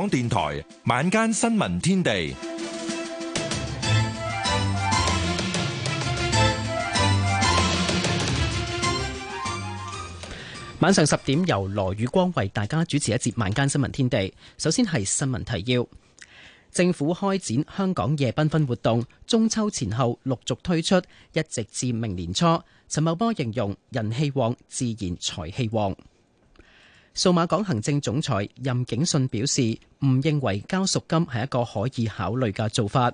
港電台晚間新聞天地，晚上十點由羅宇光為大家主持一節《晚間新聞天地》。首先係新聞提要：政府開展香港夜繽紛活動，中秋前後陸續推出，一直至明年初。陳茂波形容人氣旺，自然財氣旺。數碼港行政總裁任景信表示，唔認為交贖金係一個可以考慮嘅做法。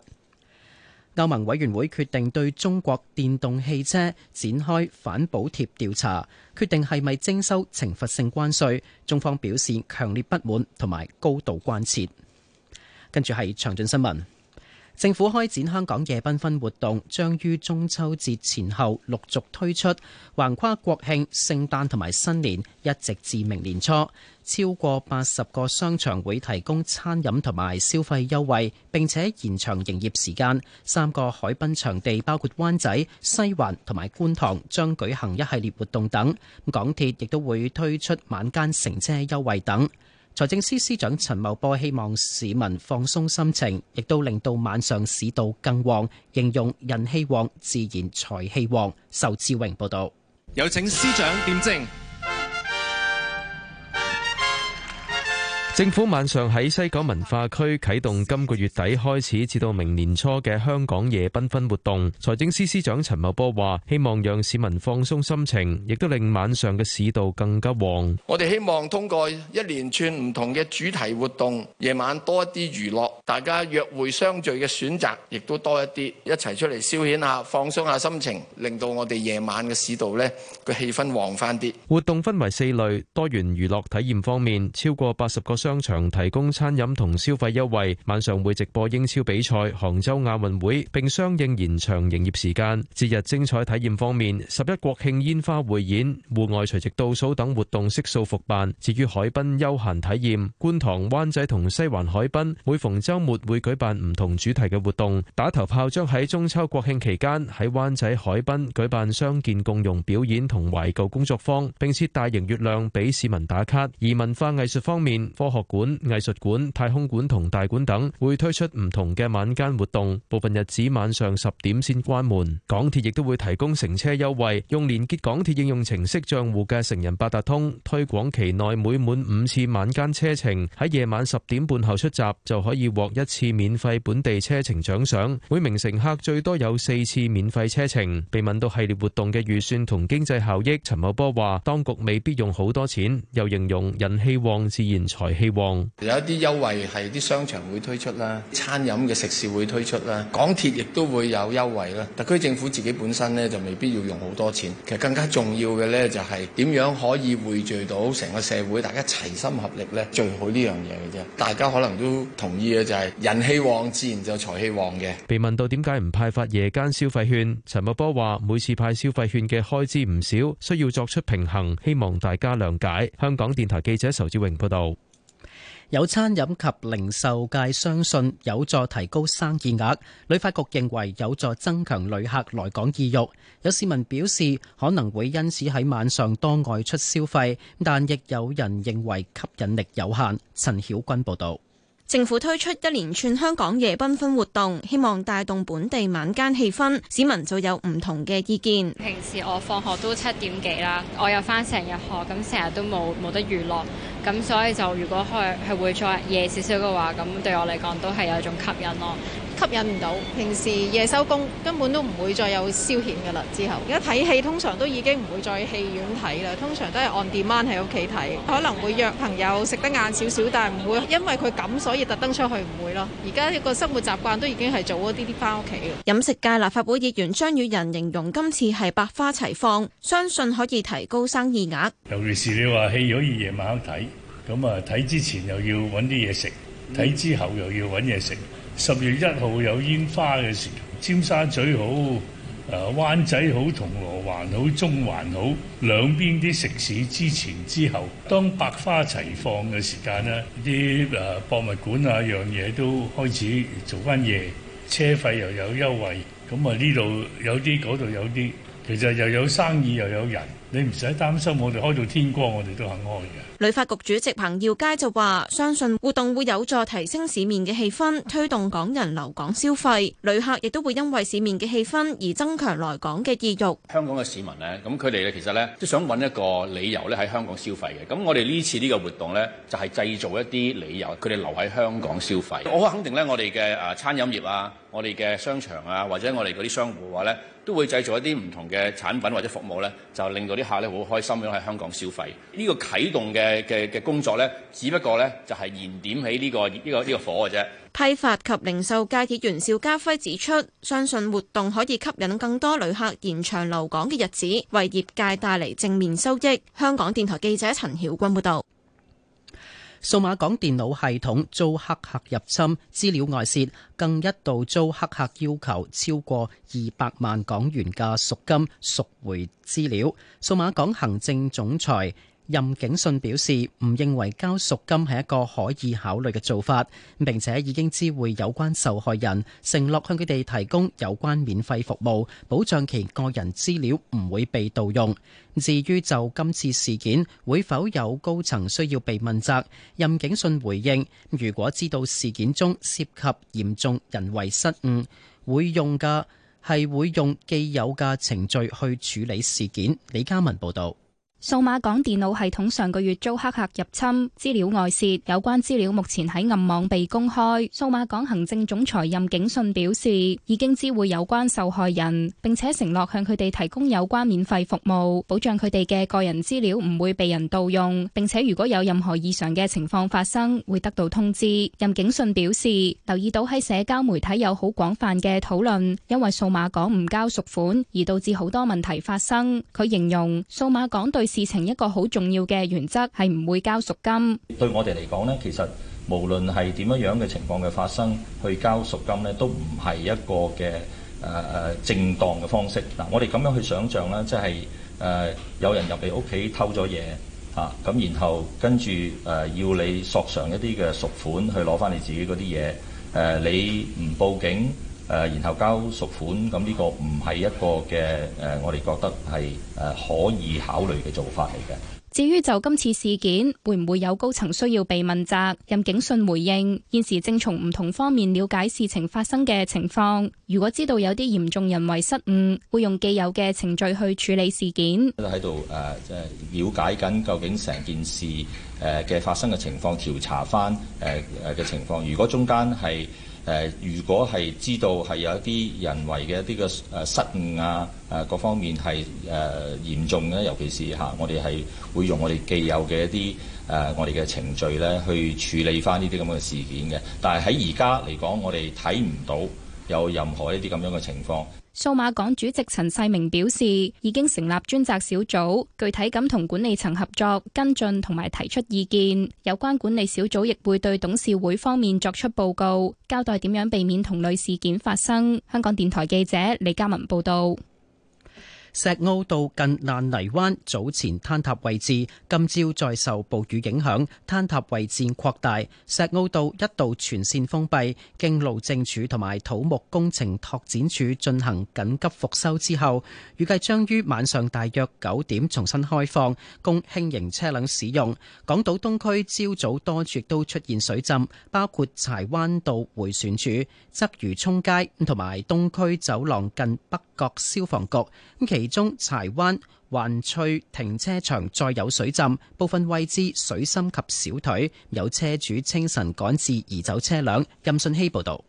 歐盟委員會決定對中國電動汽車展開反補貼調查，決定係咪徵收懲罰性關稅，中方表示強烈不滿同埋高度關切。跟住係詳盡新聞。政府開展香港夜繽紛活動，將於中秋節前後陸續推出，橫跨國慶、聖誕同埋新年，一直至明年初。超過八十個商場會提供餐飲同埋消費優惠，並且延長營業時間。三個海濱場地，包括灣仔、西環同埋觀塘，將舉行一系列活動等。港鐵亦都會推出晚間乘車優惠等。財政司司長陳茂波希望市民放鬆心情，亦都令到晚上市道更旺，形容人氣旺自然財氣旺。仇志榮報道。有請司長點正。政府晚上喺西九文化區啟動今個月底開始至到明年初嘅香港夜繽紛活動。財政司司長陳茂波話：希望讓市民放鬆心情，亦都令晚上嘅市道更加旺。我哋希望通過一連串唔同嘅主題活動，夜晚多一啲娛樂，大家約會相聚嘅選擇亦都多一啲，一齊出嚟消遣下、放鬆下心情，令到我哋夜晚嘅市道咧個氣氛旺翻啲。活動分為四類，多元娛樂體驗方面，超過八十個商場提供餐飲同消費優惠，晚上會直播英超比賽、杭州亞運會，並相應延長營業時間。節日精彩體驗方面，十一國慶煙花匯演、戶外除夕倒數等活動悉數復辦。至於海濱休閒體驗，觀塘、灣仔同西環海濱每逢周末會舉辦唔同主題嘅活動。打頭炮將喺中秋國慶期間喺灣仔海濱舉辦傷健共融表演同懷舊工作坊，並設大型月亮俾市民打卡。而文化藝術方面，學館、藝術館、太空館同大館等會推出唔同嘅晚間活動，部分日子晚上十點先關門。港鐵亦都會提供乘車優惠，用連結港鐵應用程式賬戶嘅成人八達通推廣期內每滿五次晚間車程喺夜晚十點半後出閘就可以獲一次免費本地車程獎賞，每名乘客最多有四次免費車程。被問到系列活動嘅預算同經濟效益，陳茂波話當局未必用好多錢，又形容人氣旺自然財氣。希望有一啲優惠係啲商場會推出啦，餐飲嘅食肆會推出啦，港鐵亦都會有優惠啦。特區政府自己本身呢，就未必要用好多錢。其實更加重要嘅呢，就係點樣可以匯聚到成個社會，大家齊心合力呢，做好呢樣嘢嘅啫。大家可能都同意嘅就係人氣旺，自然就財氣旺嘅。被問到點解唔派發夜間消費券，陳茂波話：每次派消費券嘅開支唔少，需要作出平衡，希望大家諒解。香港電台記者仇志榮報導。有餐飲及零售界相信有助提高生意額，旅發局認為有助增強旅客來港意欲。有市民表示可能會因此喺晚上多外出消費，但亦有人認為吸引力有限。陳曉君報導。政府推出一連串香港夜繽紛活動，希望帶動本地晚間氣氛。市民就有唔同嘅意見。平時我放學都七點幾啦，我又返成日學，咁成日都冇冇得娛樂，咁所以就如果去係會再夜少少嘅話，咁對我嚟講都係有一種吸引咯。吸引唔到，平時夜收工根本都唔會再有消遣噶啦。之後而家睇戲通常都已經唔會再戲院睇啦，通常都係 on demand 喺屋企睇，可能會約朋友食得晏少少，但係唔會因為佢咁所以特登出去唔會咯。而家呢個生活習慣都已經係早咗啲啲翻屋企喇。飲食界立法會議員張宇人形容今次係百花齊放，相信可以提高生意額。尤其是你話戲可以夜晚睇，咁啊睇之前又要揾啲嘢食，睇之後又要揾嘢食。十月一號有煙花嘅時候尖沙咀好，誒灣仔好，銅鑼灣好，中環好，兩邊啲食肆之前之後，當百花齊放嘅時間咧，啲誒博物館啊樣嘢都開始做翻嘢，車費又有優惠，咁啊呢度有啲，嗰度有啲，其實又有生意又有人。你唔使擔心，我哋開到天光，我哋都肯開嘅。旅發局主席彭耀佳就話：相信活動會有助提升市面嘅氣氛，推動港人留港消費。旅客亦都會因為市面嘅氣氛而增強來港嘅意欲。香港嘅市民呢，咁佢哋咧其實咧，都想揾一個理由咧喺香港消費嘅。咁我哋呢次呢個活動咧，就係製造一啲理由，佢哋留喺香港消費。我肯定咧，我哋嘅誒餐飲業啊，我哋嘅商場啊，或者我哋嗰啲商戶嘅話咧，都會製造一啲唔同嘅產品或者服務咧，就令到啲。客咧好開心咁喺香港消費，呢個啟動嘅嘅嘅工作咧，只不過咧就係燃點起呢個呢個呢個火嘅啫。批發及零售界議員邵家輝指出，相信活動可以吸引更多旅客延長留港嘅日子，為業界帶嚟正面收益。香港電台記者陳曉君報道。數碼港電腦系統遭黑客入侵資料外泄，更一度遭黑客要求超過二百萬港元嘅贖金贖回資料。數碼港行政總裁。任景信表示唔認為交贖金係一個可以考慮嘅做法，並且已經知會有關受害人，承諾向佢哋提供有關免費服務，保障其個人資料唔會被盜用。至於就今次事件會否有高層需要被問責，任景信回應：如果知道事件中涉及嚴重人為失誤，會用噶，係會用既有嘅程序去處理事件。李嘉文報道。數碼港電腦系統上個月遭黑客入侵、資料外泄，有關資料目前喺暗網被公開。數碼港行政總裁任景信表示，已經知會有關受害人，並且承諾向佢哋提供有關免費服務，保障佢哋嘅個人資料唔會被人盜用，並且如果有任何異常嘅情況發生，會得到通知。任景信表示，留意到喺社交媒體有好廣泛嘅討論，因為數碼港唔交贖款而導致好多問題發生。佢形容數碼港對事情一個好重要嘅原則係唔會交贖金。對我哋嚟講咧，其實無論係點樣樣嘅情況嘅發生，去交贖金咧都唔係一個嘅誒誒正當嘅方式。嗱，我哋咁樣去想像啦，即係誒有人入你屋企偷咗嘢吓，咁然後跟住誒要你索償一啲嘅贖款去攞翻你自己嗰啲嘢，誒你唔報警。誒，然後交贖款，咁、這、呢個唔係一個嘅誒，我哋覺得係誒可以考慮嘅做法嚟嘅。至於就今次事件，會唔會有高層需要被問責？任景信回應：現時正從唔同方面了解事情發生嘅情況。如果知道有啲嚴重人為失誤，會用既有嘅程序去處理事件。都喺度誒，即係瞭解緊究竟成件事誒嘅發生嘅情況，調查翻誒誒嘅情況。如果中間係誒、呃，如果係知道係有一啲人為嘅一啲嘅誒失誤啊，誒、呃、各方面係誒、呃、嚴重咧，尤其是嚇、啊、我哋係會用我哋既有嘅一啲誒、呃、我哋嘅程序咧，去處理翻呢啲咁嘅事件嘅。但係喺而家嚟講，我哋睇唔到有任何一啲咁樣嘅情況。數碼港主席陳世明表示，已經成立專責小組，具體咁同管理層合作，跟進同埋提出意見。有關管理小組亦會對董事會方面作出報告，交代點樣避免同類事件發生。香港電台記者李嘉文報道。石澳道近爛泥灣早前坍塌位置，今朝再受暴雨影響，坍塌位置擴大。石澳道一度全線封閉，經路政署同埋土木工程拓展署進行緊急復修之後，預計將於晚上大約九點重新開放，供輕型車輛使用。港島東區朝早多處都出現水浸，包括柴灣道回旋處、鰂魚涌街同埋東區走廊近北角消防局。其其中柴灣環翠停車場再有水浸，部分位置水深及小腿，有車主清晨趕至移走車輛。甘信希報道，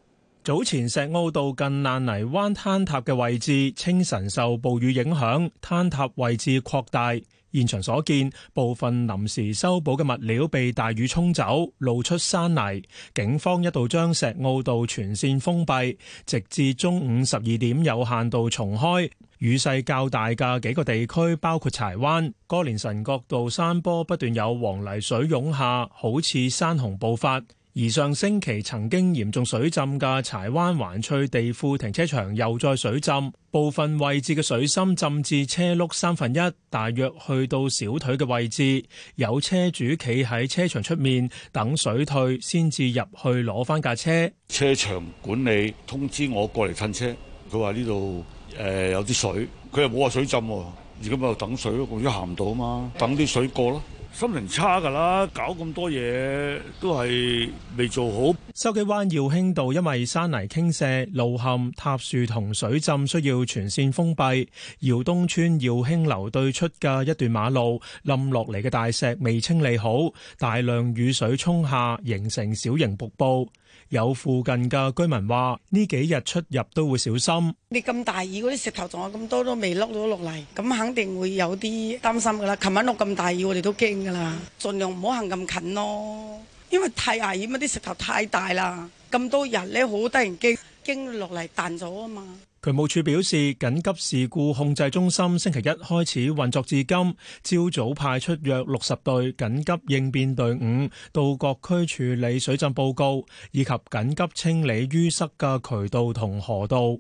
早前石澳道近爛泥灣坍塌嘅位置，清晨受暴雨影響，坍塌位置擴大。現場所見，部分臨時修補嘅物料被大雨沖走，露出山泥。警方一度將石澳道全線封閉，直至中午十二點有限度重開。雨勢較大嘅幾個地區，包括柴灣、歌連臣角道山坡，不斷有黃泥水湧下，好似山洪暴發。而上星期曾經嚴重水浸嘅柴灣環翠地庫停車場又再水浸，部分位置嘅水深浸至車轆三分一，大約去到小腿嘅位置。有車主企喺車場出面等水退，先至入去攞翻架車。車場管理通知我過嚟趁車，佢話呢度。誒、呃，有啲水，佢又冇話水浸喎、啊，而家咪等水咯、啊，一行唔到啊嘛，等啲水過咯。心情差噶啦，搞咁多嘢都係未做好。筲箕灣耀興道因為山泥傾瀉、路陷、塌樹同水浸，需要全線封閉。耀東村耀興樓對出嘅一段馬路，冧落嚟嘅大石未清理好，大量雨水沖下，形成小型瀑布。有附近嘅居民話：呢幾日出入都會小心。你咁大雨，嗰啲石頭仲有咁多都未碌到落嚟，咁肯定會有啲擔心噶啦。琴晚落咁大雨，我哋都驚噶啦，盡量唔好行咁近咯，因為太危險啊！啲石頭太大啦，咁多人咧好得人驚，驚落嚟彈咗啊嘛。渠務署表示，緊急事故控制中心星期一開始運作至今，朝早派出約六十隊緊急應變隊伍到各區處理水浸報告，以及緊急清理淤塞嘅渠道同河道。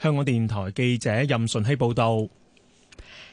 香港電台記者任順希報導。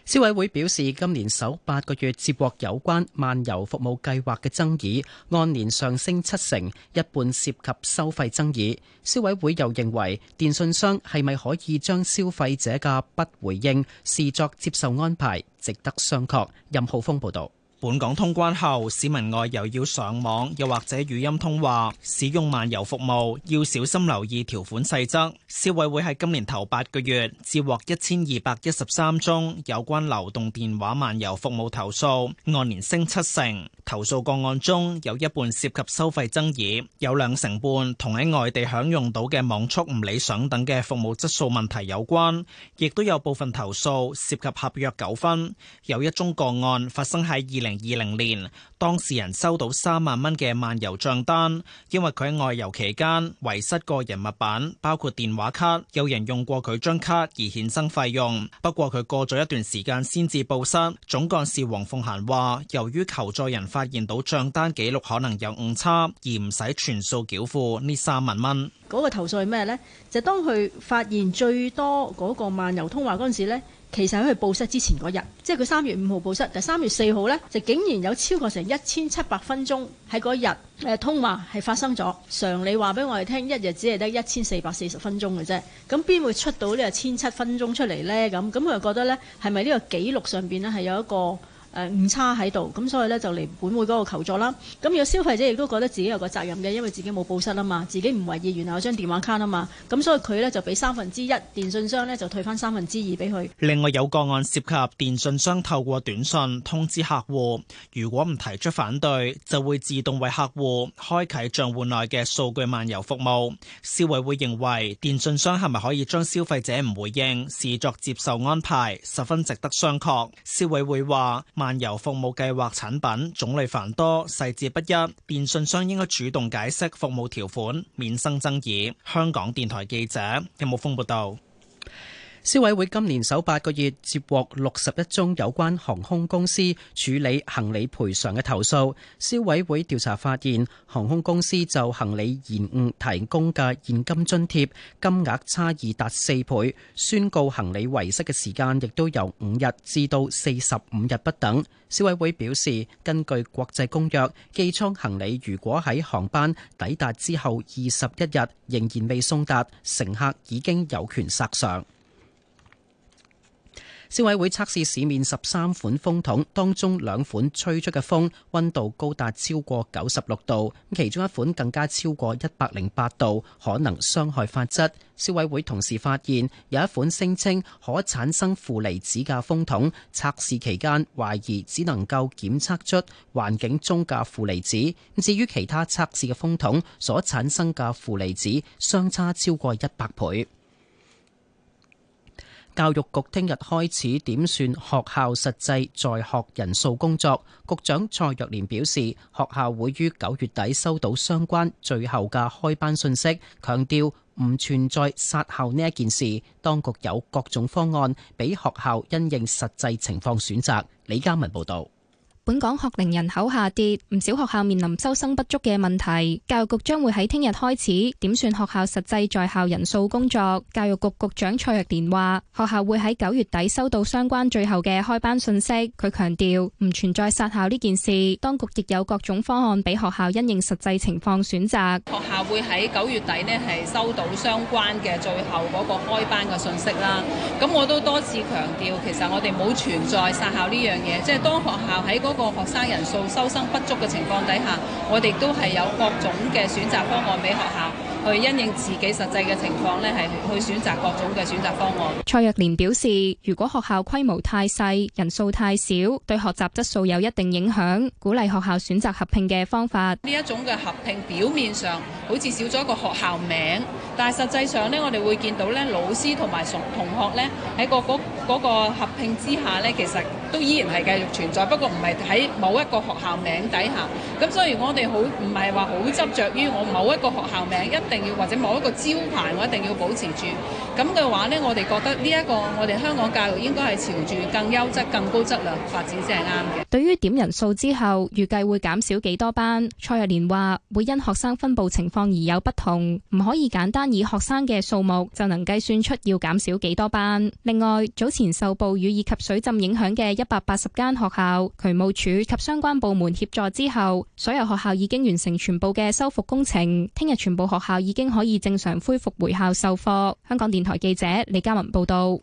消委會表示，今年首八個月接獲有關漫遊服務計劃嘅爭議，按年上升七成，一半涉及收費爭議，消委會又認為電信商係咪可以將消費者嘅不回應視作接受安排，值得商榷。任浩峰報道。本港通關後，市民外遊要上網，又或者語音通話使用漫遊服務，要小心留意條款細則。消委會喺今年頭八個月接獲一千二百一十三宗有關流動電話漫遊服務投訴，按年升七成。投訴個案中有一半涉及收費爭議，有兩成半同喺外地享用到嘅網速唔理想等嘅服務質素問題有關，亦都有部分投訴涉及合約糾紛。有一宗個案發生喺二。二零二零年，當事人收到三萬蚊嘅漫遊賬單，因為佢喺外遊期間遺失個人物品，包括電話卡，有人用過佢張卡而衍生費用。不過佢過咗一段時間先至報失。總幹事黃鳳嫻話，由於求助人發現到賬單記錄可能有誤差，而唔使全數繳付呢三萬蚊。嗰個投訴係咩呢？就是、當佢發現最多嗰個漫遊通話嗰陣時呢。其實喺佢報失之前嗰日，即係佢三月五號報失，但三月四號呢，就竟然有超過成一千七百分鐘喺嗰日誒通話係發生咗。常理話俾我哋聽，一日只係得一千四百四十分鐘嘅啫，咁邊會出到呢個千七分鐘出嚟呢？咁咁佢就覺得呢，係咪呢個記錄上邊呢，係有一個誒誤差喺度，咁所以呢，就嚟本會嗰個求助啦。咁有消費者亦都覺得自己有個責任嘅，因為自己冇報失啊嘛，自己唔為意原來有張電話卡啊嘛，咁所以佢呢，就俾三分之一電信商呢就退翻三分之二俾佢。另外有個案涉及電信商透過短信通知客戶，如果唔提出反對，就會自動為客戶開啟帳戶內嘅數據漫遊服務。消委會認為電信商係咪可以將消費者唔回應視作接受安排，十分值得商榷。消委會話。漫遊服務計劃產品種類繁多，細節不一，電信商應該主動解釋服務條款，免生爭議。香港電台記者任武峯報道。消委會今年首八個月接獲六十一宗有關航空公司處理行李賠償嘅投訴。消委會調查發現，航空公司就行李延誤提供嘅現金津貼金額差異達四倍，宣告行李遺失嘅時間亦都由五日至到四十五日不等。消委會表示，根據國際公約，寄艙行李如果喺航班抵達之後二十一日仍然未送達，乘客已經有權索償。消委會測試市面十三款風筒，當中兩款吹出嘅風溫度高達超過九十六度，其中一款更加超過一百零八度，可能傷害髮質。消委會同時發現，有一款聲稱可產生負離子嘅風筒，測試期間懷疑只能夠檢測出環境中嘅負離子。至於其他測試嘅風筒所產生嘅負離子，相差超過一百倍。教育局聽日開始點算學校實際在學人數工作。局長蔡若蓮表示，學校會於九月底收到相關最後嘅開班信息，強調唔存在殺校呢一件事。當局有各種方案俾學校因應實際情況選擇。李嘉文報道。本港學齡人口下跌，唔少學校面臨收生不足嘅問題。教育局將會喺聽日開始點算學校實際在校人數工作。教育局局長蔡若蓮話：學校會喺九月底收到相關最後嘅開班信息。佢強調唔存在殺校呢件事。當局亦有各種方案俾學校因應實際情況選擇。學校會喺九月底呢係收到相關嘅最後嗰個開班嘅信息啦。咁我都多次強調，其實我哋冇存在殺校呢樣嘢。即係當學校喺嗰、那個。個學生人數收生不足嘅情況底下，我哋都係有各種嘅選擇方案俾學校。去因應自己實際嘅情況咧，係去選擇各種嘅選擇方案。蔡若蓮表示，如果學校規模太細，人數太少，對學習質素有一定影響，鼓勵學校選擇合併嘅方法。呢一種嘅合併表面上好似少咗一個學校名，但係實際上呢，我哋會見到咧，老師同埋同同學喺、嗰個嗰、嗰個合併之下呢，其實都依然係繼續存在，不過唔係喺某一個學校名底下。咁所以我哋好唔係話好執着於我某一個學校名一定定要或者某一個招牌，我一定要保持住。咁嘅話咧，我哋覺得呢、這、一個我哋香港教育應該係朝住更優質更高質量發展先係啱嘅。對於點人數之後預計會減少幾多班，蔡若蓮話會因學生分佈情況而有不同，唔可以簡單以學生嘅數目就能計算出要減少幾多班。另外，早前受暴雨以及水浸影響嘅一百八十間學校，渠務署及相關部門協助之後，所有學校已經完成全部嘅修復工程，聽日全部學校。已經可以正常恢復回校授課。香港電台記者李嘉文報道。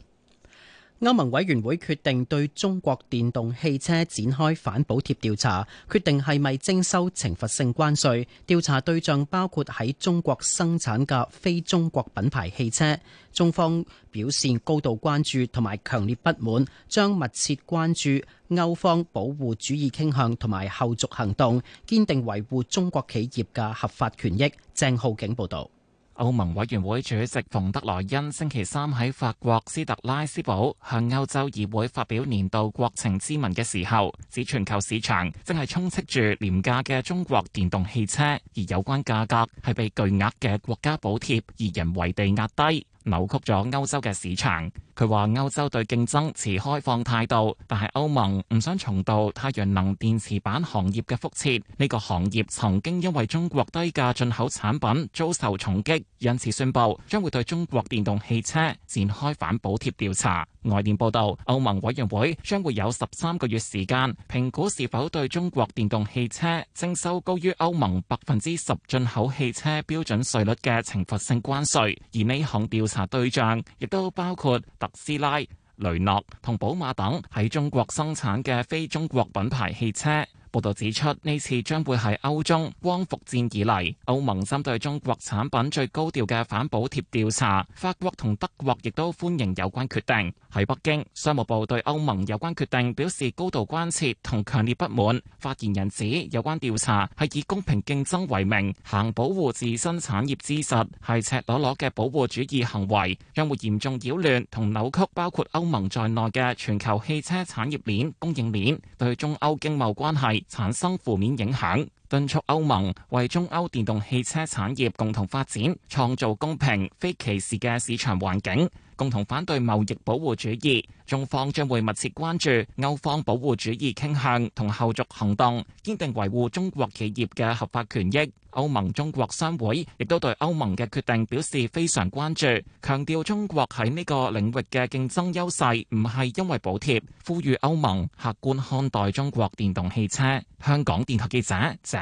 歐盟委員會決定對中國電動汽車展開反補貼調查，決定係咪徵收懲罰性關稅？調查對象包括喺中國生產嘅非中國品牌汽車。中方表示高度關注同埋強烈不滿，將密切關注歐方保護主義傾向同埋後續行動，堅定維護中國企業嘅合法權益。鄭浩景報道。歐盟委員會主席馮德萊恩星期三喺法國斯特拉斯堡向歐洲議會發表年度國情咨文嘅時候，指全球市場正係充斥住廉價嘅中國電動汽車，而有關價格係被巨額嘅國家補貼而人為地壓低，扭曲咗歐洲嘅市場。佢話歐洲對競爭持開放態度，但係歐盟唔想重蹈太陽能電池板行業嘅覆轍，呢個行業曾經因為中國低價進口產品遭受重擊，因此宣布將會對中國電動汽車展開反補貼調查。外電報道，歐盟委員會將會有十三個月時間評估是否對中國電動汽車徵收高於歐盟百分之十進口汽車標準稅率嘅懲罰性關稅，而呢項調查對象亦都包括。特斯拉、雷諾同寶馬等喺中國生產嘅非中國品牌汽車。報道指出，呢次將會係歐中光伏戰以嚟歐盟針對中國產品最高調嘅反補貼調查。法國同德國亦都歡迎有關決定。喺北京，商務部對歐盟有關決定表示高度關切同強烈不滿。發言人指，有關調查係以公平競爭為名，行保護自身產業之實，係赤裸裸嘅保護主義行為，將會嚴重擾亂同扭曲包括歐盟在內嘅全球汽車產業鏈、供應鏈，對中歐經貿關係。產生負面影響。敦促歐盟為中歐電動汽車產業共同發展，創造公平、非歧視嘅市場環境，共同反對貿易保護主義。中方將會密切關注歐方保護主義傾向同後續行動，堅定維護中國企業嘅合法權益。歐盟中國商會亦都對歐盟嘅決定表示非常關注，強調中國喺呢個領域嘅競爭優勢唔係因為補貼，呼籲歐盟客觀看待中國電動汽車。香港電台記者鄭。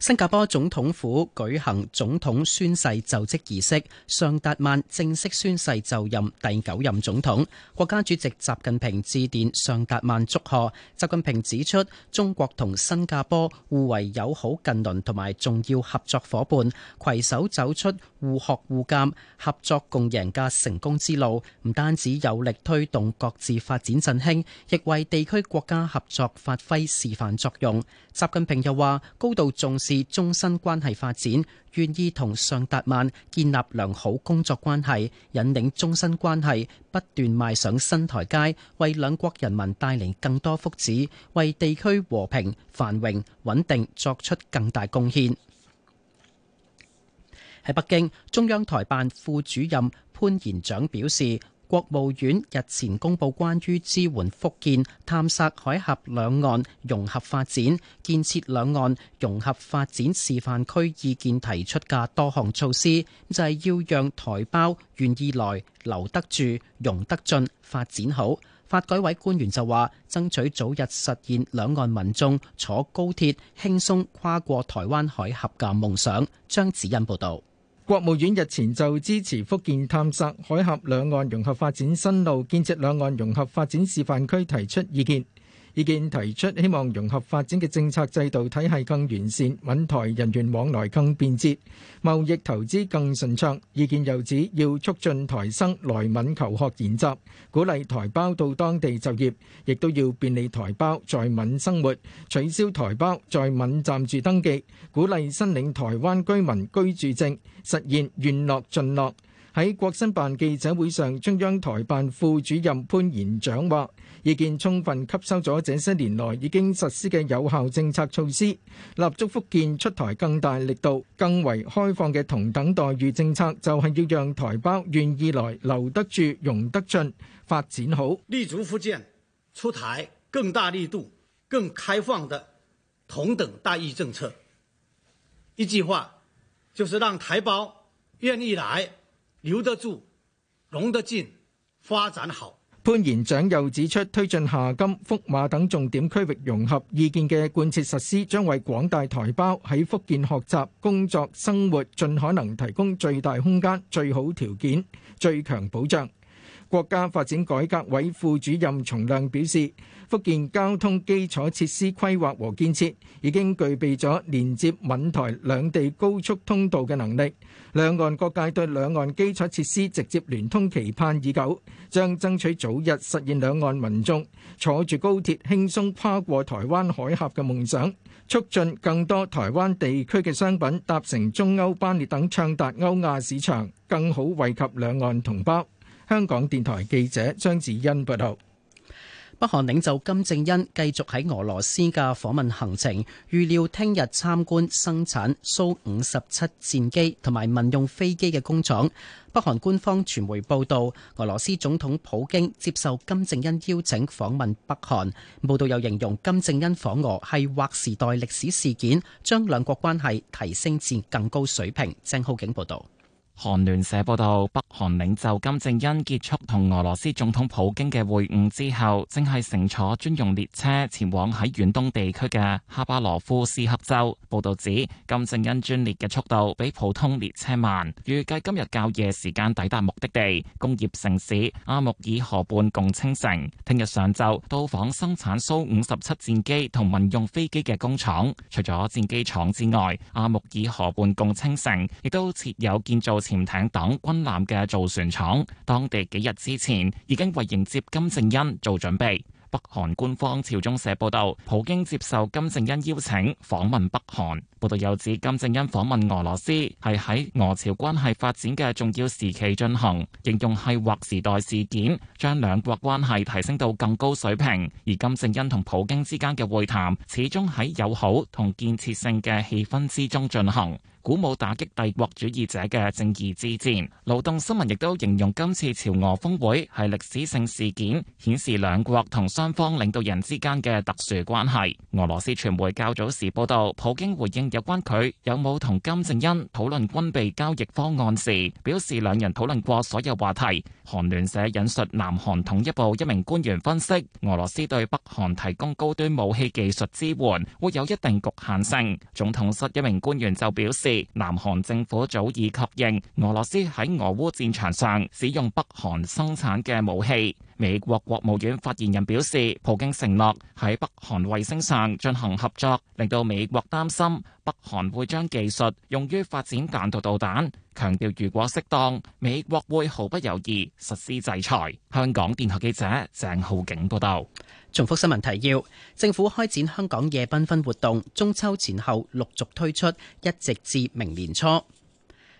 新加坡總統府舉行總統宣誓就職儀式，尚達曼正式宣誓就任第九任總統。國家主席習近平致電尚達曼祝賀。習近平指出，中國同新加坡互為友好近鄰同埋重要合作伙伴，攜手走出互學互鑑、合作共贏嘅成功之路，唔單止有力推動各自發展振興，亦為地區國家合作發揮示範作用。習近平又話，高度重視。至中新關係發展，願意同尚達曼建立良好工作關係，引領中新關係不斷邁上新台階，為兩國人民帶來更多福祉，為地區和平繁榮穩定作出更大貢獻。喺北京，中央台辦副主任潘賢掌表示，國務院日前公布關於支援福建探索海峽兩岸融合發展建設兩岸融合發展示範區意見提出嘅多項措施，就係、是、要讓台胞願意來、留得住、融得進、發展好。發改委官員就話，爭取早日實現兩岸民眾坐高鐵輕鬆跨過台灣海峽嘅夢想。張子欣報導。國務院日前就支持福建探索海峽兩岸融合發展新路，建設兩岸融合發展示範區提出意見。意見提出希望融合發展嘅政策制度體系更完善，閩台人員往來更便捷，貿易投資更順暢。意見又指要促進台生來閩求學研習，鼓勵台胞到當地就業，亦都要便利台胞在閩生活，取消台胞在閩暫住登記，鼓勵申領台灣居民居住證，實現願落盡落。喺國新辦記者會上，中央台辦副主任潘賢掌話：意見充分吸收咗這些年來已經實施嘅有效政策措施，立足福建出台更大力度、更為開放嘅同等待遇政策，就係、是、要讓台胞願意來、留得住、融得進、發展好。立足福建出台更大力度、更開放的同等待遇政策，一句話就是讓台胞願意來。留得住，融得進，發展好。潘賢掌又指出，推進廈金、福馬等重點區域融合意見嘅貫徹實施，將為廣大台胞喺福建學習、工作、生活，盡可能提供最大空間、最好條件、最強保障。國家發展改革委副主任叢亮表示，福建交通基礎設施規劃和建設已經具備咗連接閩台兩地高速通道嘅能力。兩岸各界對兩岸基礎設施直接聯通期盼已久，將爭取早日實現兩岸民眾坐住高鐵輕鬆跨過台灣海峽嘅夢想，促進更多台灣地區嘅商品搭乘中歐班列等暢達歐亞市場，更好惠及兩岸同胞。香港電台記者張子欣報道：北韓領袖金正恩繼續喺俄羅斯嘅訪問行程，預料聽日參觀生產蘇五十七戰機同埋民用飛機嘅工廠。北韓官方傳媒報道，俄羅斯總統普京接受金正恩邀請訪問北韓。報道又形容金正恩訪俄係劃時代歷史事件，將兩國關係提升至更高水平。鄭浩景報道。韓聯社報道，北韓領袖金正恩結束同俄羅斯總統普京嘅會晤之後，正係乘坐專用列車前往喺遠東地區嘅哈巴羅夫斯克州。報道指，金正恩專列嘅速度比普通列車慢，預計今日較夜時間抵達目的地工業城市阿穆爾河畔共青城。聽日上晝到訪生產蘇五十七戰機同民用飛機嘅工廠。除咗戰機廠之外，阿穆爾河畔共青城亦都設有建造潛艇等軍艦嘅造船廠，當地幾日之前已經為迎接金正恩做準備。北韓官方朝中社報導，普京接受金正恩邀請訪問北韓。報導又指，金正恩訪問俄羅斯係喺俄朝關係發展嘅重要時期進行，形容係劃時代事件，將兩國關係提升到更高水平。而金正恩同普京之間嘅會談始終喺友好同建設性嘅氣氛之中進行。鼓舞打擊帝國主義者嘅正義之戰。勞動新聞亦都形容今次朝俄峰會係歷史性事件，顯示兩國同雙方領導人之間嘅特殊關係。俄羅斯傳媒較早時報道，普京回應有關佢有冇同金正恩討論軍備交易方案時，表示兩人討論過所有話題。韓聯社引述南韓統一部一名官員分析，俄羅斯對北韓提供高端武器技術支援會有一定局限性。總統室一名官員就表示，南韓政府早已確認俄羅斯喺俄烏戰場上使用北韓生產嘅武器。美國國務院發言人表示，普京承諾喺北韓衛星上進行合作，令到美國擔心北韓會將技術用於發展彈道導彈。強調如果適當，美國會毫不猶豫實施制裁。香港電台記者鄭浩景報道。重複新聞提要：政府開展香港夜繽紛活動，中秋前後陸續推出，一直至明年初。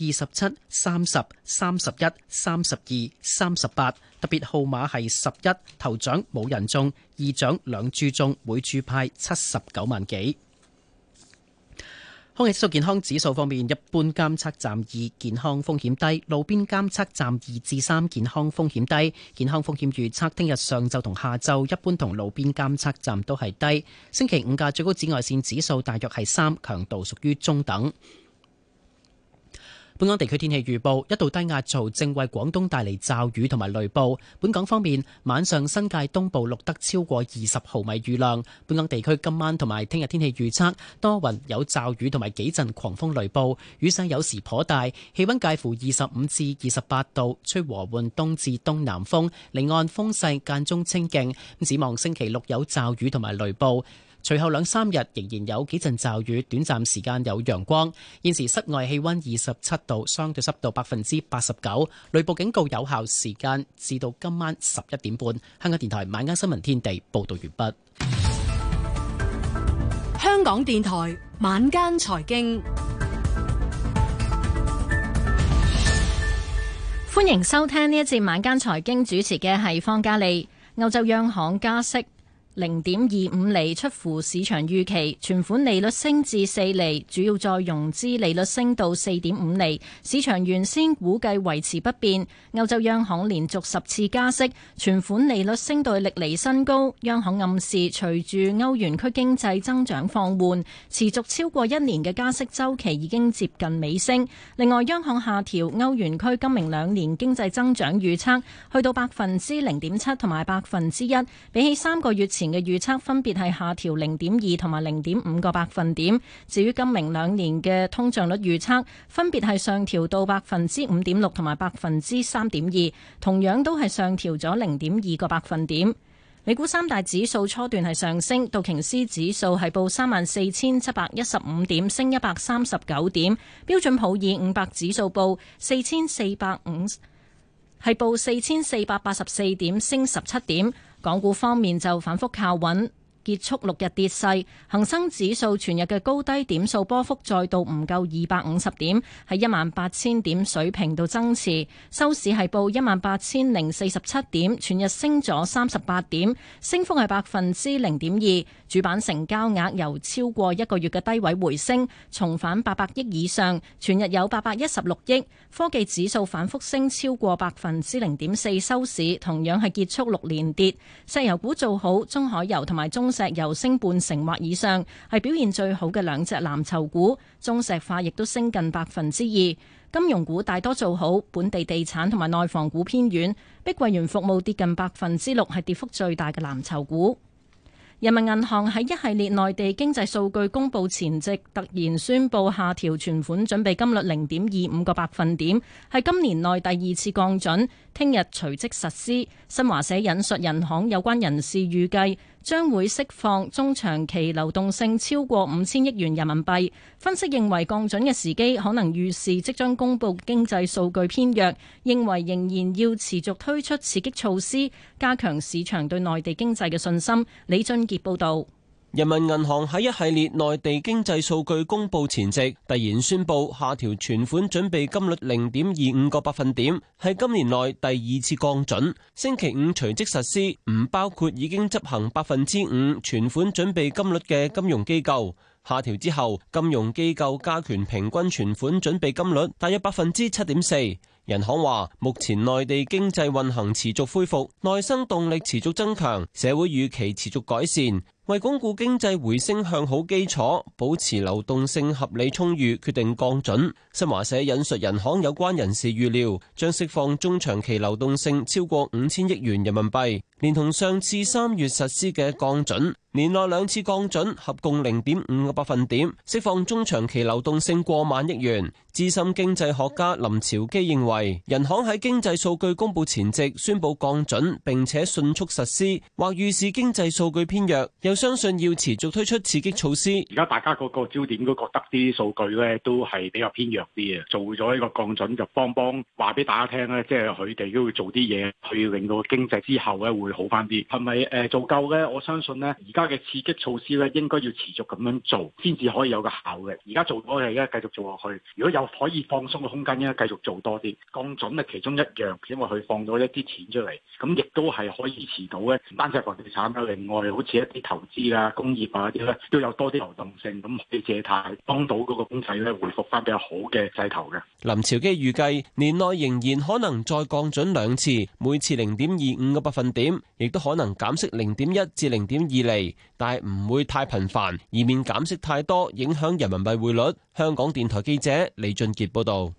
二十七、三十、三十一、三十二、三十八，特別號碼係十一，頭獎冇人中，二獎兩注中，每注派七十九萬幾。空氣質素健康指數方面，一般監測站二健康風險低，路邊監測站二至三健康風險低，健康風險預測聽日上晝同下晝一般同路邊監測站都係低。星期五嘅最高紫外線指數大約係三，強度屬於中等。本港地區天氣預報：一道低壓槽正為廣東帶嚟驟雨同埋雷暴。本港方面，晚上新界東部錄得超過二十毫米雨量。本港地區今晚同埋聽日天氣預測多雲，有驟雨同埋幾陣狂風雷暴，雨勢有時頗大。氣溫介乎二十五至二十八度，吹和緩東至東南風。離岸風勢間中清勁。咁，展望星期六有驟雨同埋雷暴。隨後兩三日仍然有幾陣驟雨，短暫時間有陽光。現時室外氣溫二十七度，相對濕度百分之八十九。雷暴警告有效時間至到今晚十一點半。香港電台晚間新聞天地報道完畢。香港電台晚間財經，歡迎收聽呢一節晚間財經，主持嘅係方嘉利。歐洲央行加息零點二五厘出乎市場預期，存款利率升至四厘，主要再融資利率升到四點五厘。市場原先估計維持不變。歐洲央行連續十次加息，存款利率升到歷嚟新高。央行暗示隨住歐元區經濟增長放緩，持續超過一年嘅加息周期已經接近尾聲。另外，央行下調歐元區今明兩年經濟增長預測，去到百分之零點七同埋百分之一，比起三個月前前嘅預測分別係下調零點二同埋零點五個百分點。至於今明兩年嘅通脹率預測，分別係上調到百分之五點六同埋百分之三點二，同樣都係上調咗零點二個百分點。美股三大指數初段係上升，道瓊斯指數係報三萬四千七百一十五點，升一百三十九點；標準普爾五百指數報四千四百五，係報四千四百八十四點，升十七點。港股方面就反覆靠穩，結束六日跌勢。恒生指數全日嘅高低點數波幅再度唔夠二百五十點，喺一萬八千點水平度增持，收市係報一萬八千零四十七點，全日升咗三十八點，升幅係百分之零點二。主板成交額由超過一個月嘅低位回升，重返八百億以上，全日有八百一十六億。科技指數反覆升超過百分之零點四，收市同樣係結束六連跌。石油股做好，中海油同埋中石油升半成或以上，係表現最好嘅兩隻藍籌股。中石化亦都升近百分之二。金融股大多做好，本地地產同埋內房股偏軟，碧桂園服務跌近百分之六，係跌幅最大嘅藍籌股。人民銀行喺一系列內地經濟數據公布前夕，突然宣布下調存款準備金率零點二五個百分點，係今年內第二次降準，聽日隨即實施。新華社引述人行有關人士預計。將會釋放中長期流動性超過五千億元人民幣。分析認為降準嘅時機可能預示即將公佈經濟數據偏弱，認為仍然要持續推出刺激措施，加強市場對內地經濟嘅信心。李俊傑報道。人民銀行喺一系列內地經濟數據公布前夕，突然宣布下調存款準備金率零點二五個百分點，係今年內第二次降準。星期五隨即實施，唔包括已經執行百分之五存款準備金率嘅金融機構。下調之後，金融機構加權平均存款準備金率大約百分之七點四。人行話，目前內地經濟運行持續恢復，內生動力持續增強，社會預期持續改善。為鞏固經濟回升向好基礎，保持流動性合理充裕，決定降準。新華社引述人行有關人士預料，將釋放中長期流動性超過五千億元人民幣。連同上次三月實施嘅降準，年內兩次降準合共零點五個百分點，釋放中長期流動性過萬億元。資深經濟學家林朝基認為，人行喺經濟數據公布前夕宣布降準並且迅速實施，或預示經濟數據偏弱，又相信要持續推出刺激措施。而家大家嗰個焦點都覺得啲數據咧都係比較偏弱啲嘅，做咗呢個降準就幫幫話俾大家聽咧，即係佢哋都會做啲嘢去令到經濟之後咧會。好翻啲係咪誒做夠咧？我相信咧，而家嘅刺激措施咧，應該要持續咁樣做，先至可以有個效力。而家做多，咗，而家繼續做落去。如果有可以放鬆嘅空間，應該繼續做多啲降準咧，其中一樣，因為佢放咗一啲錢出嚟，咁亦都係可以持到咧。唔單止房地產啦，另外好似一啲投資啊、工業啊啲咧，都有多啲流動性，咁可以借貸幫到嗰個公仔，咧，回復翻比較好嘅勢頭嘅。林朝基預計年內仍然可能再降準兩次，每次零點二五個百分點。亦都可能減息零點一至零點二厘，但係唔會太頻繁，以免減息太多影響人民幣匯率。香港電台記者李俊傑報道。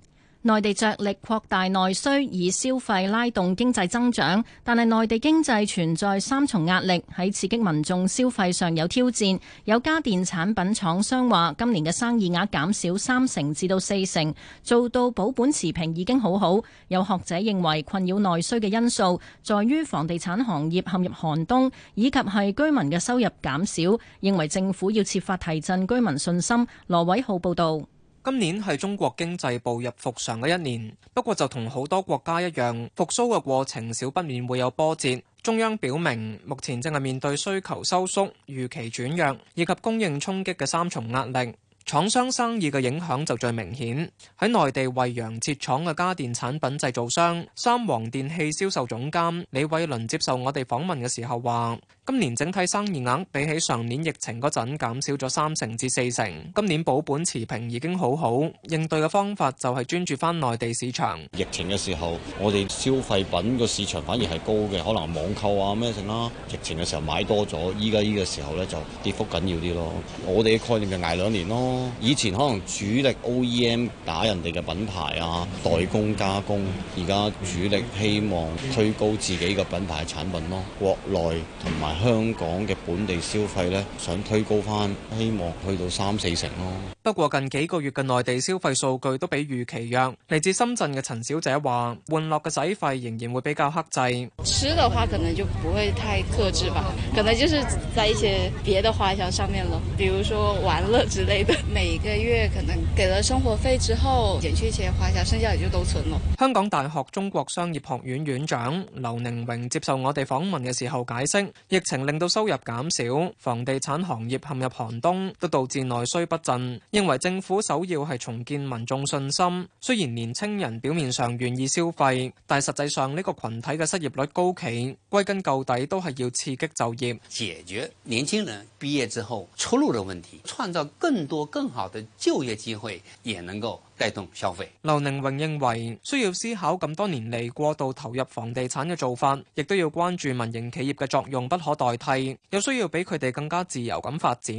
內地着力擴大內需，以消費拉動經濟增長，但係內地經濟存在三重壓力，喺刺激民眾消費上有挑戰。有家電產品廠商話，今年嘅生意額減少三成至到四成，做到保本持平已經好好。有學者認為困擾內需嘅因素，在於房地產行業陷入寒冬，以及係居民嘅收入減少。認為政府要設法提振居民信心。羅偉浩報道。今年係中國經濟步入復常嘅一年，不過就同好多國家一樣，復蘇嘅過程少不免會有波折。中央表明，目前正係面對需求收縮、預期轉弱以及供應衝擊嘅三重壓力，廠商生意嘅影響就最明顯。喺內地惠陽設廠嘅家電產品製造商三皇電器銷售總監李偉倫接受我哋訪問嘅時候話。今年整體生意額比起上年疫情嗰陣減少咗三成至四成。今年保本持平已經好好，應對嘅方法就係專注翻內地市場。疫情嘅時候，我哋消費品個市場反而係高嘅，可能網購啊咩剩啦。疫情嘅時候買多咗，依家呢個時候咧就跌幅緊要啲咯。我哋嘅概念就捱兩年咯。以前可能主力 OEM 打人哋嘅品牌啊，代工加工，而家主力希望推高自己嘅品牌產品咯，國內同埋香港嘅本地消費咧，想推高翻，希望去到三四成咯。不過近幾個月嘅內地消費數據都比預期弱。嚟自深圳嘅陳小姐話：玩樂嘅使費仍然會比較克制。吃的話可能就唔會太克制吧，可能就是在一些別的花銷上面咯，比如說玩樂之類的。每個月可能給了生活費之後，減去一些花銷，剩下就都存咯。香港大學中國商業學院院長劉寧榮接受我哋訪問嘅時候解釋，疫情令到收入減少，房地產行業陷入寒冬，都導致內需不振。認為政府首要係重建民眾信心。雖然年輕人表面上願意消費，但實際上呢個群體嘅失業率高企，歸根究底都係要刺激就業。解決年輕人畢業之後出路嘅問題，創造更多更好嘅就業機會，也能夠帶動消費。劉寧榮認為需要思考咁多年嚟過度投入房地產嘅做法，亦都要關注民營企業嘅作用不可代替，又需要俾佢哋更加自由咁發展。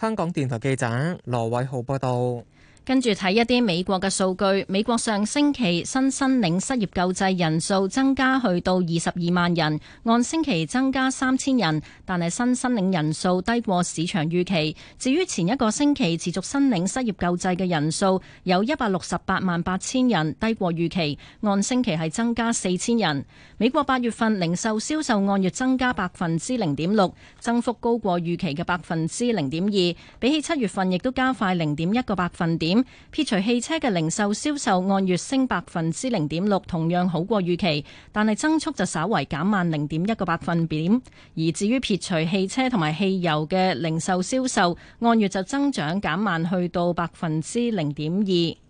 香港電台記者羅偉豪報道。跟住睇一啲美國嘅數據，美國上星期新申領失業救濟人數增加去到二十二萬人，按星期增加三千人，但係新申領人數低過市場預期。至於前一個星期持續申領失業救濟嘅人數有一百六十八萬八千人，低過預期，按星期係增加四千人。美國八月份零售銷售按月增加百分之零點六，增幅高過預期嘅百分之零點二，比起七月份亦都加快零點一個百分點。撇除汽車嘅零售銷售按月升百分之零點六，同樣好過預期，但係增速就稍為減慢零點一個百分點。而至於撇除汽車同埋汽油嘅零售銷售按月就增長減慢，去到百分之零點二。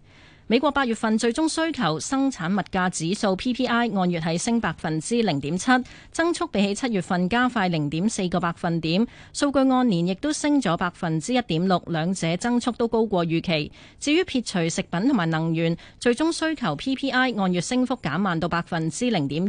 美國八月份最終需求生產物價指數 PPI 按月係升百分之零點七，增速比起七月份加快零點四個百分點，數據按年亦都升咗百分之一點六，兩者增速都高過預期。至於撇除食品同埋能源，最終需求 PPI 按月升幅減慢到百分之零點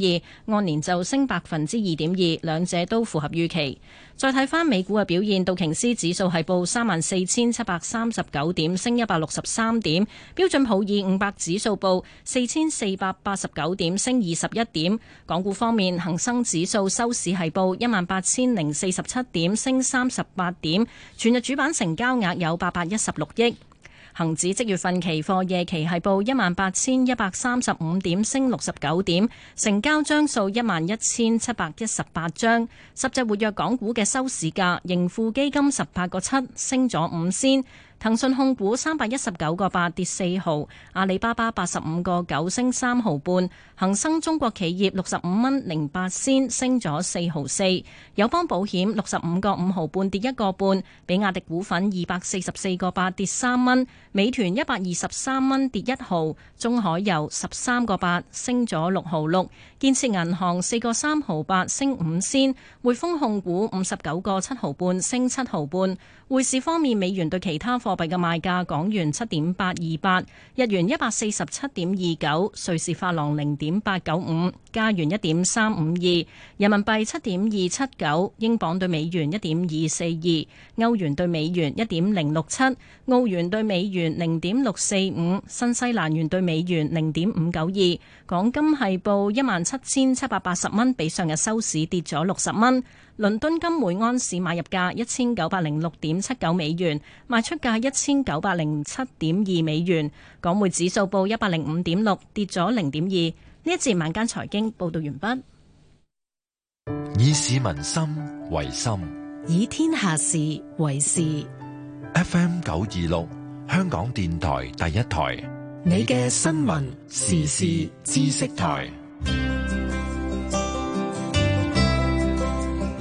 二，按年就升百分之二點二，兩者都符合預期。再睇返美股嘅表現，道瓊斯指數係報三萬四千七百三十九點，升一百六十三點，標準普二五百指數報四千四百八十九點，升二十一點。港股方面，恒生指數收市係報一萬八千零四十七點，升三十八點。全日主板成交額有八百一十六億。恒指即月份期貨夜期係報一萬八千一百三十五點，升六十九點，成交張數一萬一千七百一十八張。十隻活躍港股嘅收市價，盈富基金十八個七，升咗五仙。騰訊控股三百一十九個八跌四毫，阿里巴巴八十五個九升三毫半，恒生中國企業六十五蚊零八仙升咗四毫四，友邦保險六十五個五毫半跌一個半，比亞迪股份二百四十四個八跌三蚊，美團一百二十三蚊跌一毫，中海油十三個八升咗六毫六。建設銀行四個三毫八升五仙，匯豐控股五十九個七毫半升七毫半。匯市方面，美元對其他貨幣嘅賣價：港元七點八二八，日元一百四十七點二九，瑞士法郎零點八九五，加元一點三五二，人民幣七點二七九，英鎊兌美元一點二四二，歐元兌美元一點零六七，澳元兌美元零點六四五，新西蘭元兌美元零點五九二。港金係報一萬七千七百八十蚊，比上日收市跌咗六十蚊。倫敦金每安士買入價一千九百零六點七九美元，賣出價一千九百零七點二美元。港匯指數報 6, 一百零五點六，跌咗零點二。呢一節晚間財經報道完畢。以市民心為心，以天下事為事。FM 九二六，香港電台第一台，你嘅新聞時事知識台。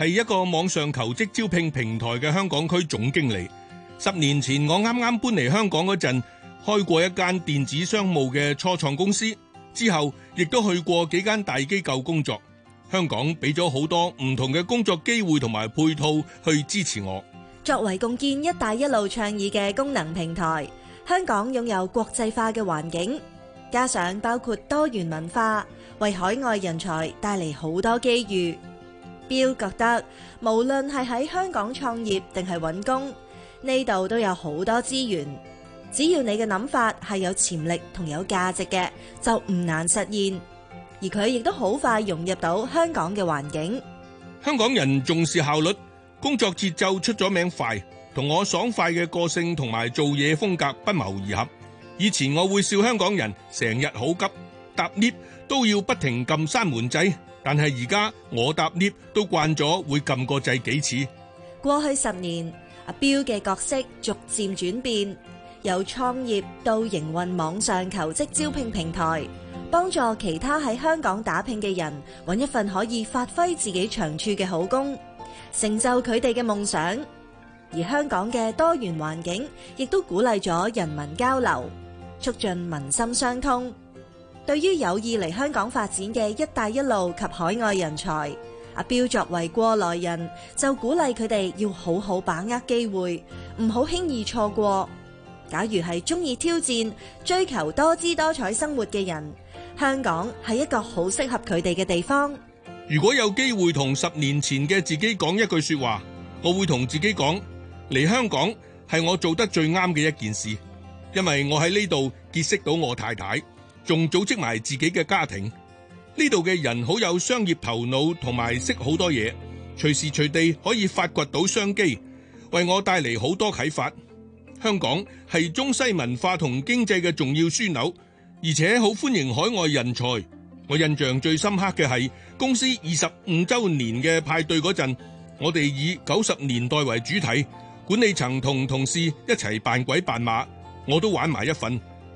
係一個網上求職招聘平台嘅香港區總經理。十年前我啱啱搬嚟香港嗰陣，開過一間電子商務嘅初創公司，之後亦都去過幾間大機構工作。香港俾咗好多唔同嘅工作機會同埋配套去支持我。作為共建“一帶一路”倡議嘅功能平台，香港擁有國際化嘅環境，加上包括多元文化，為海外人才帶嚟好多機遇。彪覺得無論係喺香港創業定係揾工，呢度都有好多資源。只要你嘅諗法係有潛力同有價值嘅，就唔難實現。而佢亦都好快融入到香港嘅環境。香港人重視效率，工作節奏出咗名快，同我爽快嘅個性同埋做嘢風格不謀而合。以前我會笑香港人成日好急，搭 lift 都要不停撳閂門掣。但係而家我搭 lift 都慣咗，會撳個掣幾次。過去十年，阿 Bill 嘅角色逐漸轉變，由創業到營運網上求職招聘平台，幫助其他喺香港打拼嘅人揾一份可以發揮自己長處嘅好工，成就佢哋嘅夢想。而香港嘅多元環境，亦都鼓勵咗人民交流，促進民心相通。對於有意嚟香港發展嘅“一帶一路”及海外人才，阿標作為過來人，就鼓勵佢哋要好好把握機會，唔好輕易錯過。假如係中意挑戰、追求多姿多彩生活嘅人，香港係一個好適合佢哋嘅地方。如果有機會同十年前嘅自己講一句說話，我會同自己講，嚟香港係我做得最啱嘅一件事，因為我喺呢度結識到我太太。仲組織埋自己嘅家庭，呢度嘅人好有商業頭腦同埋識好多嘢，隨時隨地可以發掘到商機，為我帶嚟好多啟發。香港係中西文化同經濟嘅重要樞紐，而且好歡迎海外人才。我印象最深刻嘅係公司二十五周年嘅派對嗰陣，我哋以九十年代為主題，管理層同同事一齊扮鬼扮馬，我都玩埋一份。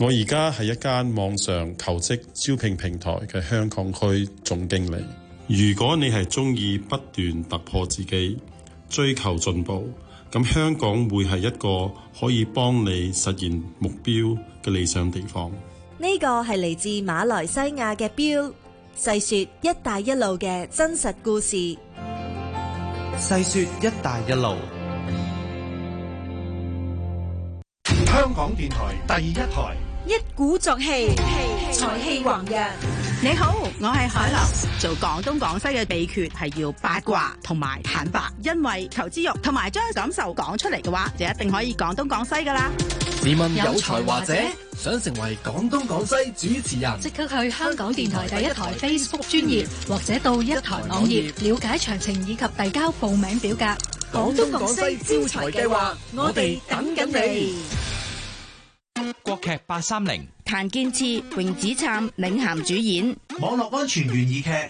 我而家係一間網上求職招聘平台嘅香港區總經理。如果你係中意不斷突破自己、追求進步，咁香港會係一個可以幫你實現目標嘅理想地方。呢個係嚟自馬來西亞嘅 Bill，細說一帶一路嘅真實故事。細說一帶一路，香港電台第一台。一鼓作氣，財氣旺嘅。你好，我係海龍，做廣東廣西嘅秘訣係要八卦同埋坦白，因為求知欲同埋將感受講出嚟嘅話，就一定可以廣東廣西噶啦。你問有才華者，想成為廣東廣西主持人，即刻去香港電台第一台 Facebook 專業，或者到一台網頁了解詳情以及遞交報名表格。廣東廣西招才計劃，我哋等緊你。國劇八三零，譚建次、榮子燦、領銜主演。網絡安全懸疑劇。